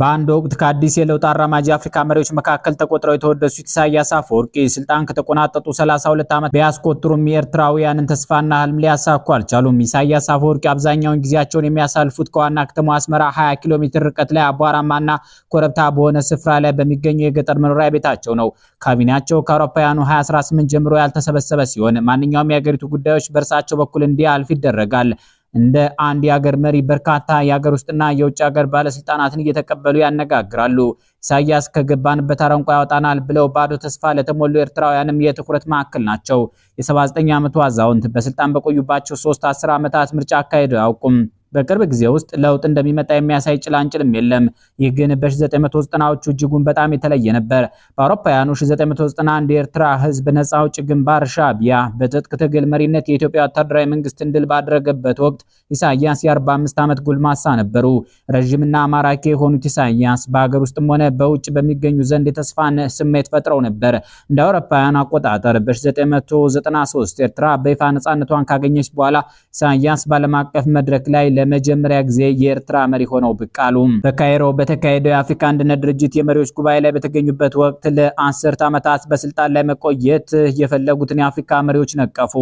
በአንድ ወቅት ከአዲስ የለውጥ አራማጅ የአፍሪካ መሪዎች መካከል ተቆጥረው የተወደሱት ኢሳያስ አፈወርቂ ስልጣን ከተቆናጠጡ 32 ዓመት ቢያስቆጥሩም የኤርትራውያንን ተስፋና ህልም ሊያሳኩ አልቻሉም። ኢሳያስ አፈወርቂ አብዛኛውን ጊዜያቸውን የሚያሳልፉት ከዋና ከተማ አስመራ 20 ኪሎ ሜትር ርቀት ላይ አቧራማና ኮረብታ በሆነ ስፍራ ላይ በሚገኙ የገጠር መኖሪያ ቤታቸው ነው። ካቢኔያቸው ከአውሮፓውያኑ 2018 ጀምሮ ያልተሰበሰበ ሲሆን ማንኛውም የሀገሪቱ ጉዳዮች በእርሳቸው በኩል እንዲያልፍ ይደረጋል። እንደ አንድ የአገር መሪ በርካታ የአገር ውስጥና የውጭ ሀገር ባለስልጣናትን እየተቀበሉ ያነጋግራሉ። ኢሳያስ ከገባንበት አረንቋ ያወጣናል ብለው ባዶ ተስፋ ለተሞሉ ኤርትራውያንም የትኩረት ማዕከል ናቸው። የ79 ዓመቱ አዛውንት በስልጣን በቆዩባቸው ሶስት አስር ዓመታት ምርጫ አካሄዱ አያውቁም። በቅርብ ጊዜ ውስጥ ለውጥ እንደሚመጣ የሚያሳይ ጭላንጭልም የለም። ይህ ግን በ1990ዎቹ እጅጉን በጣም የተለየ ነበር። በአውሮፓውያኑ 1991 የኤርትራ ህዝብ ነጻ አውጭ ግንባር ሻዕቢያ በትጥቅ ትግል መሪነት የኢትዮጵያ ወታደራዊ መንግስትን ድል ባደረገበት ወቅት ኢሳያስ የ45 ዓመት ጎልማሳ ነበሩ። ረዥምና ማራኪ የሆኑት ኢሳያስ በሀገር ውስጥም ሆነ በውጭ በሚገኙ ዘንድ የተስፋን ስሜት ፈጥረው ነበር። እንደ አውሮፓውያኑ አቆጣጠር በ1993 ኤርትራ በይፋ ነጻነቷን ካገኘች በኋላ ኢሳያስ በዓለም አቀፍ መድረክ ላይ ለመጀመሪያ ጊዜ የኤርትራ መሪ ሆነው ብቅ አሉ። በካይሮ በተካሄደው የአፍሪካ አንድነት ድርጅት የመሪዎች ጉባኤ ላይ በተገኙበት ወቅት ለአስርት ዓመታት በስልጣን ላይ መቆየት የፈለጉትን የአፍሪካ መሪዎች ነቀፉ።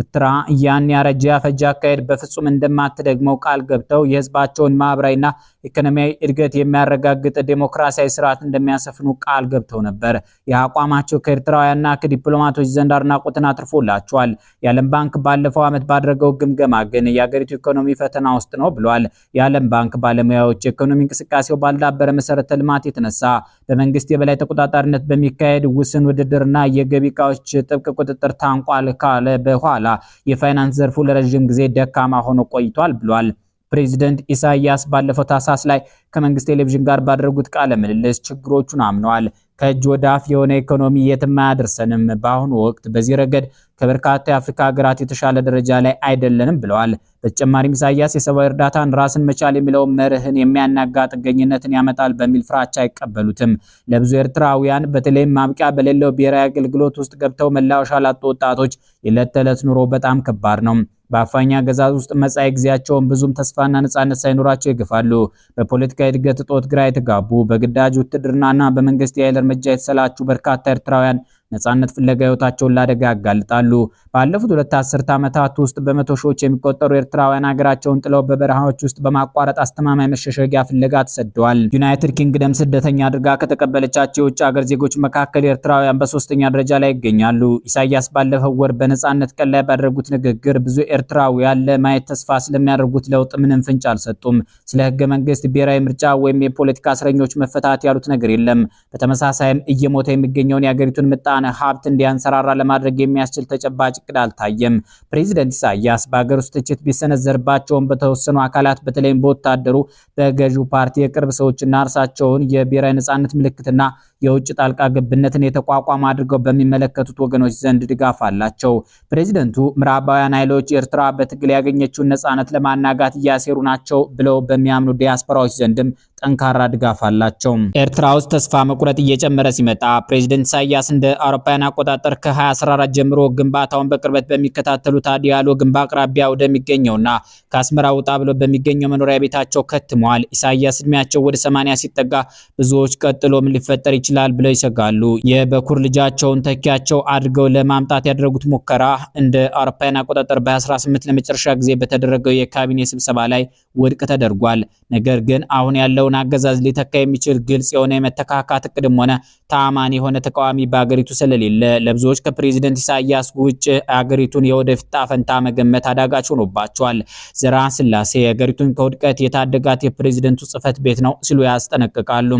ኤርትራ ያን ያረጀ ያፈጀ አካሄድ በፍጹም እንደማትደግመው ቃል ገብተው የህዝባቸውን ማህበራዊና ኢኮኖሚያዊ እድገት የሚያረጋግጥ ዴሞክራሲያዊ ስርዓት እንደሚያሰፍኑ ቃል ገብተው ነበር። የአቋማቸው አቋማቸው ከኤርትራውያንና ከዲፕሎማቶች ዘንድ አድናቆትን አትርፎላቸዋል። የዓለም ባንክ ባለፈው ዓመት ባደረገው ግምገማ ግን የአገሪቱ ኢኮኖሚ ፈተና ውስጥ ነው ብሏል። የዓለም ባንክ ባለሙያዎች የኢኮኖሚ እንቅስቃሴው ባልዳበረ መሰረተ ልማት የተነሳ በመንግስት የበላይ ተቆጣጣሪነት በሚካሄድ ውስን ውድድርና የገቢ እቃዎች ጥብቅ ቁጥጥር ታንቋል ካለ በኋላ የፋይናንስ ዘርፉ ለረዥም ጊዜ ደካማ ሆኖ ቆይቷል ብሏል። ፕሬዚደንት ኢሳያስ ባለፈው ታህሳስ ላይ ከመንግስት ቴሌቪዥን ጋር ባደረጉት ቃለ ምልልስ ችግሮቹን አምነዋል። ከእጅ ወደ አፍ የሆነ ኢኮኖሚ የትም አያደርሰንም። በአሁኑ ወቅት በዚህ ረገድ ከበርካታ የአፍሪካ ሀገራት የተሻለ ደረጃ ላይ አይደለንም ብለዋል። በተጨማሪም ኢሳያስ የሰብአዊ እርዳታን ራስን መቻል የሚለውን መርህን የሚያናጋ ጥገኝነትን ያመጣል በሚል ፍራቻ አይቀበሉትም። ለብዙ ኤርትራውያን በተለይም ማብቂያ በሌለው ብሔራዊ አገልግሎት ውስጥ ገብተው መላወሻ ላጡ ወጣቶች የዕለት ተዕለት ኑሮ በጣም ከባድ ነው። በአፋኛ አገዛዝ ውስጥ መጻኢ ጊዜያቸውን ብዙም ተስፋና ነጻነት ሳይኖራቸው ይገፋሉ። በፖለቲካ እድገት እጦት ግራ የተጋቡ በግዳጅ ውትድርናና በመንግስት የኃይል እርምጃ የተሰላቹ በርካታ ኤርትራውያን ነፃነት ፍለጋ ህይወታቸውን ላደጋ ያጋልጣሉ። ባለፉት ሁለት አስርት ዓመታት ውስጥ በመቶ ሺዎች የሚቆጠሩ ኤርትራውያን ሀገራቸውን ጥለው በበረሃዎች ውስጥ በማቋረጥ አስተማማኝ መሸሸጊያ ፍለጋ ተሰደዋል። ዩናይትድ ኪንግደም ስደተኛ አድርጋ ከተቀበለቻቸው የውጭ ሀገር ዜጎች መካከል ኤርትራውያን በሶስተኛ ደረጃ ላይ ይገኛሉ። ኢሳያስ ባለፈው ወር በነጻነት ቀን ላይ ባደረጉት ንግግር ብዙ ኤርትራውያን ለማየት ተስፋ ስለሚያደርጉት ለውጥ ምንም ፍንጭ አልሰጡም። ስለ ህገ መንግስት፣ ብሔራዊ ምርጫ ወይም የፖለቲካ እስረኞች መፈታት ያሉት ነገር የለም። በተመሳሳይም እየሞተ የሚገኘውን የሀገሪቱን ምጣነ ሀብት እንዲያንሰራራ ለማድረግ የሚያስችል ተጨባጭ እቅድ አልታየም። ፕሬዚደንት ኢሳያስ በሀገር ውስጥ ትችት ቢሰነዘርባቸውም በተወሰኑ አካላት በተለይም በወታደሩ፣ በገዢው ፓርቲ የቅርብ ሰዎችና እርሳቸውን የብሔራዊ ነጻነት ምልክትና የውጭ ጣልቃ ገብነትን የተቋቋመ አድርገው በሚመለከቱት ወገኖች ዘንድ ድጋፍ አላቸው። ፕሬዚደንቱ ምዕራባውያን ኃይሎች ኤርትራ በትግል ያገኘችውን ነጻነት ለማናጋት እያሴሩ ናቸው ብለው በሚያምኑ ዲያስፖራዎች ዘንድም ጠንካራ ድጋፍ አላቸው። ኤርትራ ውስጥ ተስፋ መቁረጥ እየጨመረ ሲመጣ ፕሬዚደንት ኢሳያስ እንደ አውሮፓውያን አቆጣጠር ከ2014 ጀምሮ ግንባታውን በቅርበት በሚከታተሉት አዲያሎ ግንብ አቅራቢያ ወደሚገኘውና ከአስመራ ውጣ ብሎ በሚገኘው መኖሪያ ቤታቸው ከትመዋል። ኢሳያስ እድሜያቸው ወደ 80 ሲጠጋ ብዙዎች ቀጥሎ ምን ሊፈጠር ይችላል ይችላል ብለው ይሰጋሉ። የበኩር ልጃቸውን ተኪያቸው አድርገው ለማምጣት ያደረጉት ሙከራ እንደ አውሮፓውያን አቆጣጠር በ2018 ለመጨረሻ ጊዜ በተደረገው የካቢኔ ስብሰባ ላይ ውድቅ ተደርጓል። ነገር ግን አሁን ያለውን አገዛዝ ሊተካ የሚችል ግልጽ የሆነ የመተካካት እቅድም ሆነ ተአማኒ የሆነ ተቃዋሚ በአገሪቱ ስለሌለ ለብዙዎች ከፕሬዚደንት ኢሳያስ ውጭ አገሪቱን የወደፊት ጣፈንታ ፈንታ መገመት አዳጋች ሆኖባቸዋል። ዘርዓ ስላሴ አገሪቱን ከውድቀት የታደጋት የፕሬዚደንቱ ጽህፈት ቤት ነው ሲሉ ያስጠነቅቃሉ።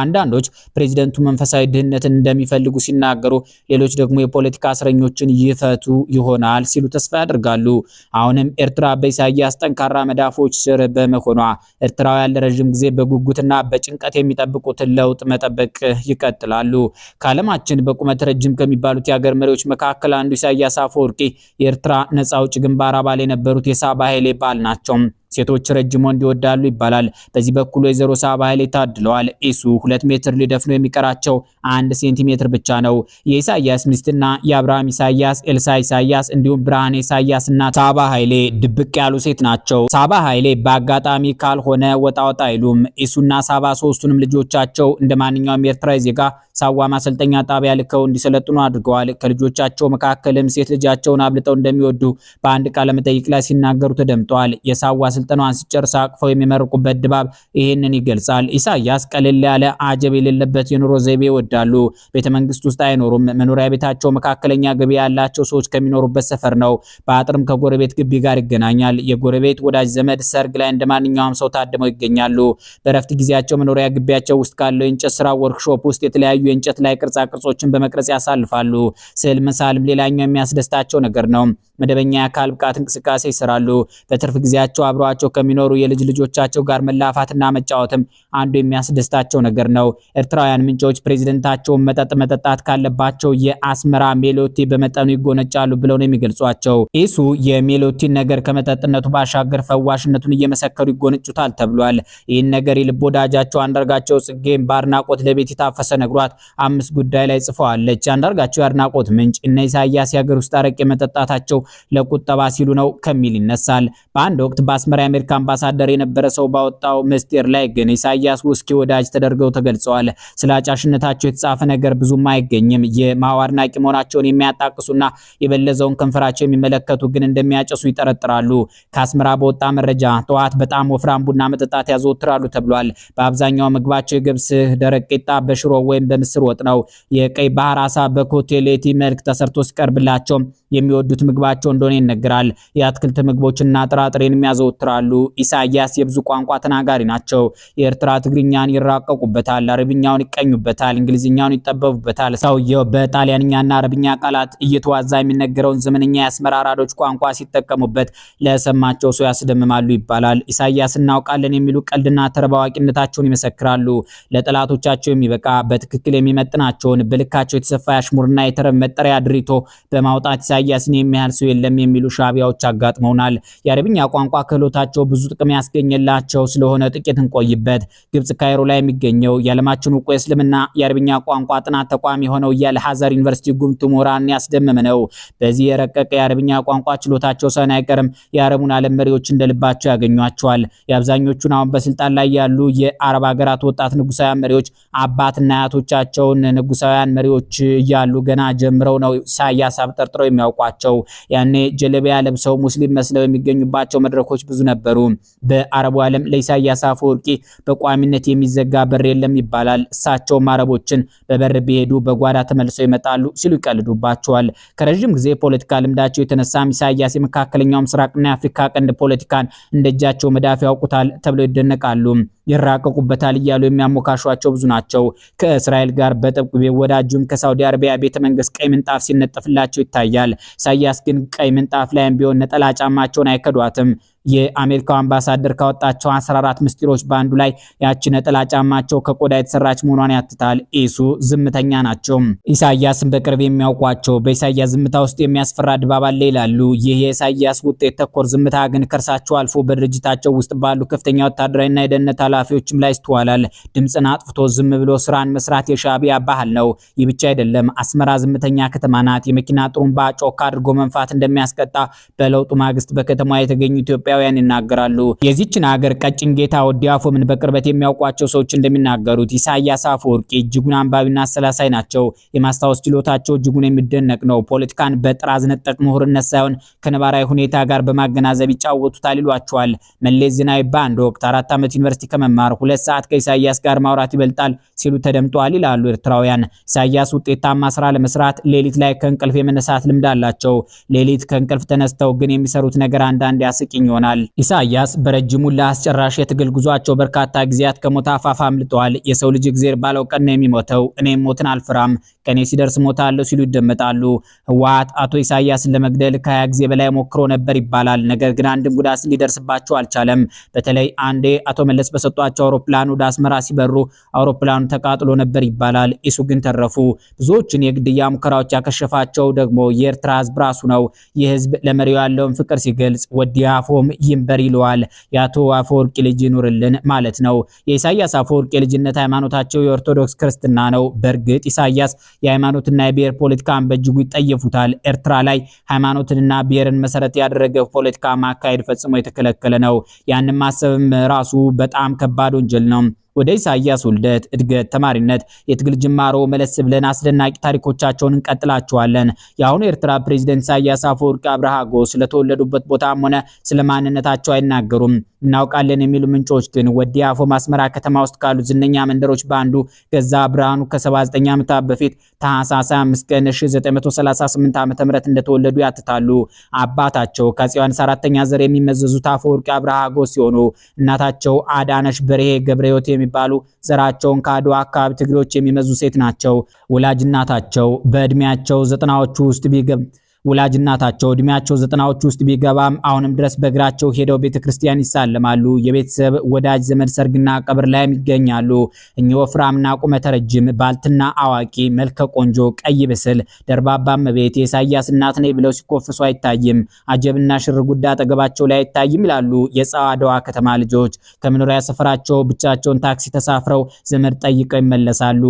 አንዳንዶች ፕሬዚደንቱ መንፈሳዊ ድህነትን እንደሚፈልጉ ሲናገሩ፣ ሌሎች ደግሞ የፖለቲካ እስረኞችን ይፈቱ ይሆናል ሲሉ ተስፋ ያደርጋሉ። አሁንም ኤርትራ በኢሳያስ ጠንካራ መዳፎች ስር በመሆኗ ኤርትራውያን ለረዥም ጊዜ በጉጉትና በጭንቀት የሚጠብቁትን ለውጥ መጠበቅ ይቀጥላሉ። ከዓለማችን በቁመት ረጅም ከሚባሉት የሀገር መሪዎች መካከል አንዱ ኢሳያስ አፈወርቂ የኤርትራ ነፃውጭ አውጭ ግንባር አባል የነበሩት የሳባ ኃይሌ ባል ናቸው። ሴቶች ረጅም ወንድ ይወዳሉ ይባላል። በዚህ በኩል ወይዘሮ ሳባ ኃይሌ ታድለዋል። ኢሱ ሁለት ሜትር ሊደፍኖ የሚቀራቸው አንድ ሴንቲሜትር ብቻ ነው። የኢሳያስ ሚስትና የአብርሃም ኢሳያስ፣ ኤልሳ ኢሳያስ እንዲሁም ብርሃን ኢሳያስ እና ሳባ ኃይሌ ድብቅ ያሉ ሴት ናቸው። ሳባ ኃይሌ በአጋጣሚ ካልሆነ ወጣ ወጣ አይሉም። ኢሱና ሳባ ሶስቱንም ልጆቻቸው እንደ ማንኛውም ኤርትራዊ ዜጋ ሳዋ ማሰልጠኛ ጣቢያ ልከው እንዲሰለጥኑ አድርገዋል። ከልጆቻቸው መካከልም ሴት ልጃቸውን አብልጠው እንደሚወዱ በአንድ ቃለመጠይቅ ላይ ሲናገሩ ተደምጠዋል። የሳዋ ስልጠናዋን ሲጨርስ አቅፈው የሚመርቁበት ድባብ ይህንን ይገልጻል። ኢሳያስ ቀልል ያለ አጀብ የሌለበት የኑሮ ዘይቤ ይወዳሉ። ቤተ መንግስት ውስጥ አይኖሩም። መኖሪያ ቤታቸው መካከለኛ ገቢ ያላቸው ሰዎች ከሚኖሩበት ሰፈር ነው። በአጥርም ከጎረቤት ግቢ ጋር ይገናኛል። የጎረቤት ወዳጅ ዘመድ ሰርግ ላይ እንደ ማንኛውም ሰው ታድመው ይገኛሉ። በረፍት ጊዜያቸው መኖሪያ ግቢያቸው ውስጥ ካለው የእንጨት ስራ ወርክሾፕ ውስጥ የተለያዩ የእንጨት ላይ ቅርጻ ቅርጾችን በመቅረጽ ያሳልፋሉ። ስዕል መሳልም ሌላኛው የሚያስደስታቸው ነገር ነው። መደበኛ የአካል ብቃት እንቅስቃሴ ይሰራሉ። በትርፍ ጊዜያቸው አብረ አብረዋቸው ከሚኖሩ የልጅ ልጆቻቸው ጋር መላፋትና መጫወትም አንዱ የሚያስደስታቸው ነገር ነው። ኤርትራውያን ምንጮች ፕሬዝደንታቸውን መጠጥ መጠጣት ካለባቸው የአስመራ ሜሎቲ በመጠኑ ይጎነጫሉ ብለው ነው የሚገልጿቸው። ኢሱ የሜሎቲን ነገር ከመጠጥነቱ ባሻገር ፈዋሽነቱን እየመሰከሩ ይጎነጩታል ተብሏል። ይህን ነገር የልብ ወዳጃቸው አንዳርጋቸው ጽጌም በአድናቆት ለቤት የታፈሰ ነግሯት አምስት ጉዳይ ላይ ጽፈዋለች። አንዳርጋቸው የአድናቆት ምንጭ እነ ኢሳያስ የሀገር ውስጥ አረቄ መጠጣታቸው ለቁጠባ ሲሉ ነው ከሚል ይነሳል። በአንድ ወቅት በአስመራ በመጀመሪያ የአሜሪካ አምባሳደር የነበረ ሰው ባወጣው ምስጢር ላይ ግን ኢሳያስ ውስኪ ወዳጅ ተደርገው ተገልጸዋል። ስለ አጫሽነታቸው የተጻፈ ነገር ብዙም አይገኝም። የማዋ አድናቂ መሆናቸውን የሚያጣቅሱና የበለዘውን ከንፈራቸው የሚመለከቱ ግን እንደሚያጨሱ ይጠረጥራሉ። ከአስመራ በወጣ መረጃ ጠዋት በጣም ወፍራም ቡና መጠጣት ያዘወትራሉ ተብሏል። በአብዛኛው ምግባቸው የገብስ ደረቅ ቂጣ በሽሮ ወይም በምስር ወጥ ነው። የቀይ ባህር አሳ በኮቴሌቲ መልክ ተሰርቶ ሲቀርብላቸው የሚወዱት ምግባቸው እንደሆነ ይነገራል። የአትክልት ምግቦችና ጥራጥሬን የሚያዘወትራሉ። ይኖራሉ። ኢሳያስ የብዙ ቋንቋ ተናጋሪ ናቸው። የኤርትራ ትግርኛን ይራቀቁበታል፣ አረብኛውን ይቀኙበታል፣ እንግሊዝኛውን ይጠበቡበታል። ሰውየው በጣሊያንኛና አረብኛ ቃላት እየተዋዛ የሚነገረውን ዘመንኛ የአስመራ አራዶች ቋንቋ ሲጠቀሙበት ለሰማቸው ሰው ያስደምማሉ ይባላል። ኢሳያስ እናውቃለን የሚሉ ቀልድና ተረባዋቂነታቸውን አዋቂነታቸውን ይመሰክራሉ። ለጠላቶቻቸው የሚበቃ በትክክል የሚመጥናቸውን በልካቸው የተሰፋ ያሽሙርና የተረብ መጠሪያ ድሪቶ በማውጣት ኢሳያስን የሚያህል ሰው የለም የሚሉ ሻቢያዎች አጋጥመውናል። የአረብኛ ቋንቋ ክህሎት ፍላጎታቸው ብዙ ጥቅም ያስገኘላቸው ስለሆነ ጥቂት እንቆይበት። ግብጽ ካይሮ ላይ የሚገኘው የዓለማችን ውቁ የእስልምና የአረብኛ ቋንቋ ጥናት ተቋም የሆነው የአልሐዘር ዩኒቨርሲቲ ጉምቱ ምሁራን ያስደመመ ነው። በዚህ የረቀቀ የአረብኛ ቋንቋ ችሎታቸው ሳይሆን አይቀርም የአረቡን ዓለም መሪዎች እንደልባቸው ያገኟቸዋል። የአብዛኞቹን አሁን በስልጣን ላይ ያሉ የአረብ ሀገራት ወጣት ንጉሳውያን መሪዎች አባትና አያቶቻቸውን ንጉሳውያን መሪዎች እያሉ ገና ጀምረው ነው ኢሳያስ አብጠርጥረው የሚያውቋቸው። ያኔ ጀለቢያ ለብሰው ሙስሊም መስለው የሚገኙባቸው መድረኮች ብዙ ነበሩ። በአረቡ ዓለም ለኢሳያስ አፈወርቂ በቋሚነት የሚዘጋ በር የለም ይባላል። እሳቸውም አረቦችን በበር ቢሄዱ በጓዳ ተመልሰው ይመጣሉ ሲሉ ይቀልዱባቸዋል። ከረዥም ጊዜ የፖለቲካ ልምዳቸው የተነሳም ኢሳያስ የመካከለኛው ምስራቅና የአፍሪካ ቀንድ ፖለቲካን እጃቸው መዳፍ ያውቁታል ተብለው ይደነቃሉ። ይራቀቁበታል እያሉ የሚያሞካሿቸው ብዙ ናቸው። ከእስራኤል ጋር በጥብቅ ቢወዳጁም ከሳውዲ አረቢያ ቤተ መንግስት ቀይ ምንጣፍ ሲነጠፍላቸው ይታያል። ኢሳያስ ግን ቀይ ምንጣፍ ላይም ቢሆን ነጠላ ጫማቸውን አይከዷትም። የአሜሪካው አምባሳደር ካወጣቸው 14 ምስጢሮች በአንዱ ላይ ያቺ ነጠላ ጫማቸው ከቆዳ የተሰራች መሆኗን ያትታል። ኢሱ ዝምተኛ ናቸው። ኢሳያስን በቅርብ የሚያውቋቸው በኢሳያስ ዝምታ ውስጥ የሚያስፈራ ድባብ አለ ይላሉ። ይህ የኢሳያስ ውጤት ተኮር ዝምታ ግን ከእርሳቸው አልፎ በድርጅታቸው ውስጥ ባሉ ከፍተኛ ወታደራዊና የደህንነት ኃላፊዎችም ላይ ይስተዋላል። ድምፅን አጥፍቶ ዝም ብሎ ስራን መስራት የሻቢያ ባህል ነው። ይህ ብቻ አይደለም። አስመራ ዝምተኛ ከተማ ናት። የመኪና ጥሩምባ ጮክ አድርጎ መንፋት እንደሚያስቀጣ በለውጡ ማግስት በከተማ የተገኙ ኢትዮጵያ ኢትዮጵያውያን ይናገራሉ። የዚችን ሀገር ቀጭን ጌታ ወዲ አፎምን በቅርበት የሚያውቋቸው ሰዎች እንደሚናገሩት ኢሳያስ አፈወርቂ እጅጉን አንባቢና አሰላሳይ ናቸው። የማስታወስ ችሎታቸው እጅጉን የሚደነቅ ነው። ፖለቲካን በጥራዝ ነጠቅ ምሁርነት ሳይሆን ከነባራዊ ሁኔታ ጋር በማገናዘብ ይጫወቱታል ይሏቸዋል። መለስ ዜናዊ በአንድ ወቅት አራት ዓመት ዩኒቨርሲቲ ከመማር ሁለት ሰዓት ከኢሳያስ ጋር ማውራት ይበልጣል ሲሉ ተደምጠዋል ይላሉ ኤርትራውያን። ኢሳያስ ውጤታማ ስራ ለመስራት ሌሊት ላይ ከእንቅልፍ የመነሳት ልምድ አላቸው። ሌሊት ከእንቅልፍ ተነስተው ግን የሚሰሩት ነገር አንዳንድ ያስቂኝ ይሆናል። ይሆናል። ኢሳያስ በረጅሙ ለአስጨራሽ የትግል ጉዟቸው በርካታ ጊዜያት ከሞት አፋፍ አምልጠዋል። የሰው ልጅ እግዜር ባለው ቀን ነው የሚሞተው፣ እኔም ሞትን አልፍራም ቀኔ ሲደርስ ሞታለሁ ሲሉ ይደመጣሉ። ህወሓት አቶ ኢሳያስን ለመግደል ከሀያ ጊዜ በላይ ሞክሮ ነበር ይባላል። ነገር ግን አንድም ጉዳት ሊደርስባቸው አልቻለም። በተለይ አንዴ አቶ መለስ በሰጧቸው አውሮፕላን ወደ አስመራ ሲበሩ አውሮፕላኑ ተቃጥሎ ነበር ይባላል። ኢሱ ግን ተረፉ። ብዙዎችን የግድያ ሙከራዎች ያከሸፋቸው ደግሞ የኤርትራ ህዝብ ራሱ ነው። ይህ ህዝብ ለመሪው ያለውን ፍቅር ሲገልጽ ወዲያፎም ይንበር ይለዋል። የአቶ አፈወርቂ ልጅ ይኑርልን ማለት ነው። የኢሳያስ አፈወርቂ የልጅነት ሃይማኖታቸው የኦርቶዶክስ ክርስትና ነው። በእርግጥ ኢሳያስ የሃይማኖትና የብሔር ፖለቲካን በእጅጉ ይጠየፉታል። ኤርትራ ላይ ሃይማኖትንና ብሔርን መሰረት ያደረገ ፖለቲካ ማካሄድ ፈጽሞ የተከለከለ ነው። ያንን ማሰብም ራሱ በጣም ከባድ ወንጀል ነው። ወደ ኢሳያስ ውልደት፣ እድገት፣ ተማሪነት፣ የትግል ጅማሮ መለስ ብለን አስደናቂ ታሪኮቻቸውን እንቀጥላቸዋለን። የአሁኑ ኤርትራ ፕሬዝደንት ኢሳያስ አፈወርቂ አብርሃ ጎ ስለተወለዱበት ቦታም ሆነ ስለ ማንነታቸው አይናገሩም። እናውቃለን የሚሉ ምንጮች ግን ወዲ አፎ ማስመራ ከተማ ውስጥ ካሉ ዝነኛ መንደሮች በአንዱ ገዛ ብርሃኑ ከ79 ዓመታት በፊት ታህሳስ 25 ቀን 1938 ዓ.ም እንደተወለዱ ያትታሉ። አባታቸው ከአፄ ዮሐንስ አራተኛ ዘር የሚመዘዙት አፈወርቂ አብርሃ ጎ ሲሆኑ እናታቸው አዳነሽ በርሄ ገብረህይወት የሚባሉ ዘራቸውን ከአድዋ አካባቢ ትግሬዎች የሚመዙ ሴት ናቸው። ወላጅ እናታቸው በእድሜያቸው ዘጠናዎቹ ውስጥ ቢገ ወላጅ እናታቸው እድሜያቸው ዘጠናዎች ውስጥ ቢገባም አሁንም ድረስ በእግራቸው ሄደው ቤተክርስቲያን ይሳለማሉ። የቤተሰብ ወዳጅ ዘመድ ሰርግና ቀብር ላይም ይገኛሉ። እኚህ ወፍራምና ቁመተ ረጅም ባልትና አዋቂ መልከ ቆንጆ ቀይ ብስል ደርባባ እመቤት የኢሳያስ እናት ነኝ ብለው ሲኮፍሱ አይታይም። አጀብና ሽር ጉዳ አጠገባቸው ላይ አይታይም ይላሉ የጸዋደዋ ከተማ ልጆች። ከመኖሪያ ሰፈራቸው ብቻቸውን ታክሲ ተሳፍረው ዘመድ ጠይቀው ይመለሳሉ።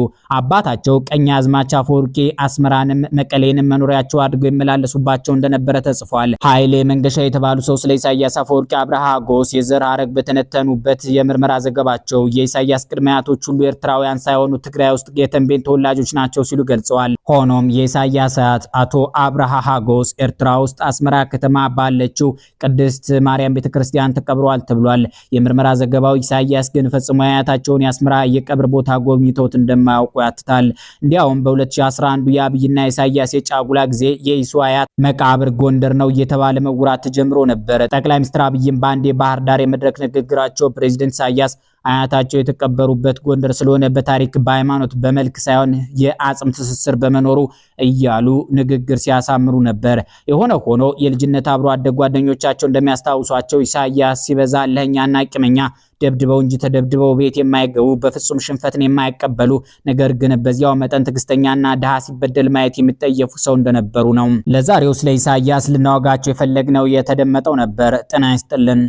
አባታቸው ቀኝ አዝማች አፈወርቂ አስመራንም መቀሌንም መኖሪያቸው አድርገው ይመላሉ። ሲመላለሱባቸው እንደነበረ ተጽፏል። ኃይሌ መንገሻ የተባሉ ሰው ስለ ኢሳያስ አፈወርቂ አብርሃ ጎስ የዘር ሀረግ በተነተኑበት የምርመራ ዘገባቸው የኢሳያስ ቅድመ አያቶች ሁሉ ኤርትራውያን ሳይሆኑ ትግራይ ውስጥ የተንቤን ተወላጆች ናቸው ሲሉ ገልጸዋል። ሆኖም የኢሳያስ አያት አቶ አብርሃ ሀጎስ ኤርትራ ውስጥ አስመራ ከተማ ባለችው ቅድስት ማርያም ቤተክርስቲያን ተቀብረዋል ተብሏል። የምርመራ ዘገባው ኢሳያስ ግን ፈጽሞ አያታቸውን የአስመራ የቀብር ቦታ ጎብኝተውት እንደማያውቁ ያትታል። እንዲያውም በ2011 የአብይና ኢሳያስ የጫጉላ ጊዜ የይሱ አያት መቃብር ጎንደር ነው እየተባለ መውራት ተጀምሮ ነበረ። ጠቅላይ ሚኒስትር አብይም በአንድ የባህር ዳር የመድረክ ንግግራቸው ፕሬዚደንት ኢሳያስ አያታቸው የተቀበሩበት ጎንደር ስለሆነ በታሪክ በሃይማኖት በመልክ ሳይሆን የአጽም ትስስር በመኖሩ እያሉ ንግግር ሲያሳምሩ ነበር። የሆነ ሆኖ የልጅነት አብሮ አደግ ጓደኞቻቸው እንደሚያስታውሷቸው ኢሳያስ ሲበዛ ለኛና ቂመኛ ደብድበው እንጂ ተደብድበው ቤት የማይገቡ በፍጹም ሽንፈትን የማይቀበሉ ነገር ግን በዚያው መጠን ትግስተኛና ድሃ ሲበደል ማየት የሚጠየፉ ሰው እንደነበሩ ነው። ለዛሬው ስለ ኢሳያስ ልናወጋቸው የፈለግነው የተደመጠው ነበር። ጤና ይስጥልን።